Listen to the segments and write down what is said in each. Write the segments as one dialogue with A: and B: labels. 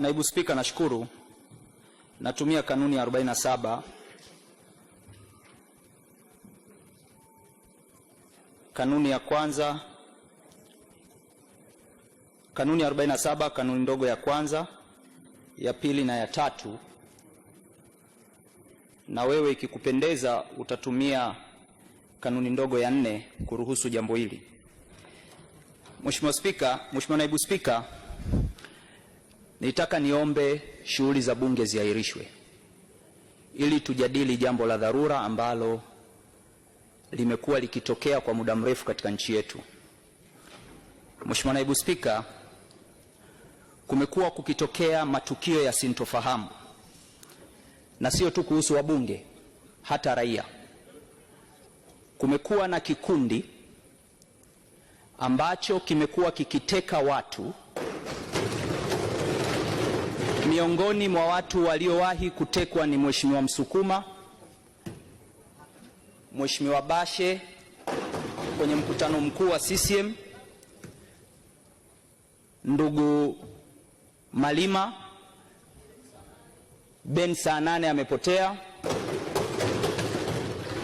A: Naibu Spika, nashukuru. Natumia kanuni ya 47 kanuni ya kwanza, kanuni ya 47 kanuni ndogo ya kwanza, ya pili na ya tatu, na wewe ikikupendeza utatumia kanuni ndogo ya nne kuruhusu jambo hili. Mheshimiwa Spika, Mheshimiwa Naibu Spika Nitaka niombe shughuli za bunge ziahirishwe ili tujadili jambo la dharura ambalo limekuwa likitokea kwa muda mrefu katika nchi yetu. Mheshimiwa Naibu Spika, kumekuwa kukitokea matukio ya sintofahamu na sio tu kuhusu wabunge, hata raia. Kumekuwa na kikundi ambacho kimekuwa kikiteka watu Miongoni mwa watu waliowahi kutekwa ni Mheshimiwa Msukuma, Mheshimiwa Bashe kwenye mkutano mkuu wa CCM, ndugu Malima Ben saa amepotea.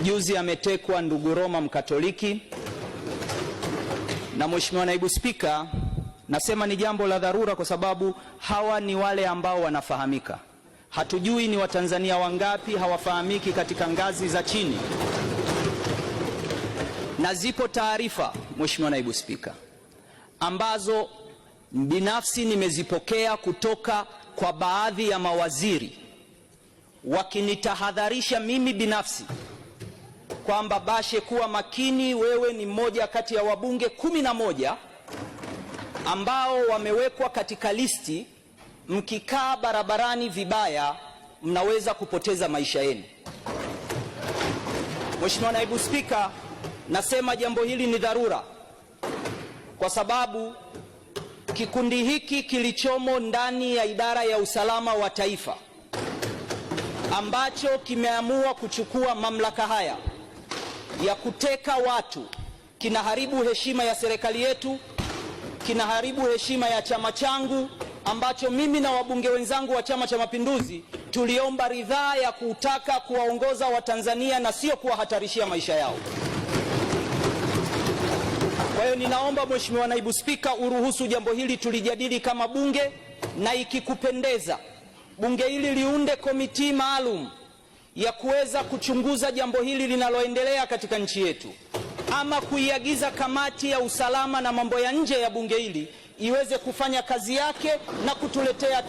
A: Juzi ametekwa ndugu Roma Mkatoliki. Na Mheshimiwa Naibu Spika Nasema ni jambo la dharura kwa sababu hawa ni wale ambao wanafahamika. Hatujui ni Watanzania wangapi hawafahamiki katika ngazi za chini, na zipo taarifa, Mheshimiwa Naibu Spika, ambazo binafsi nimezipokea kutoka kwa baadhi ya mawaziri wakinitahadharisha mimi binafsi kwamba Bashe, kuwa makini, wewe ni mmoja kati ya wabunge kumi na moja ambao wamewekwa katika listi, mkikaa barabarani vibaya mnaweza kupoteza maisha yenu. Mheshimiwa Naibu Spika, nasema jambo hili ni dharura kwa sababu kikundi hiki kilichomo ndani ya idara ya usalama wa taifa ambacho kimeamua kuchukua mamlaka haya ya kuteka watu kinaharibu heshima ya serikali yetu kinaharibu heshima ya chama changu ambacho mimi na wabunge wenzangu wa Chama cha Mapinduzi tuliomba ridhaa ya kutaka kuwaongoza Watanzania na sio kuwahatarishia maisha yao. Kwa hiyo ninaomba Mheshimiwa Naibu Spika, uruhusu jambo hili tulijadili kama bunge, na ikikupendeza bunge hili liunde komiti maalum ya kuweza kuchunguza jambo hili linaloendelea katika nchi yetu ama kuiagiza kamati ya usalama na mambo ya nje ya bunge hili iweze kufanya kazi yake na kutuletea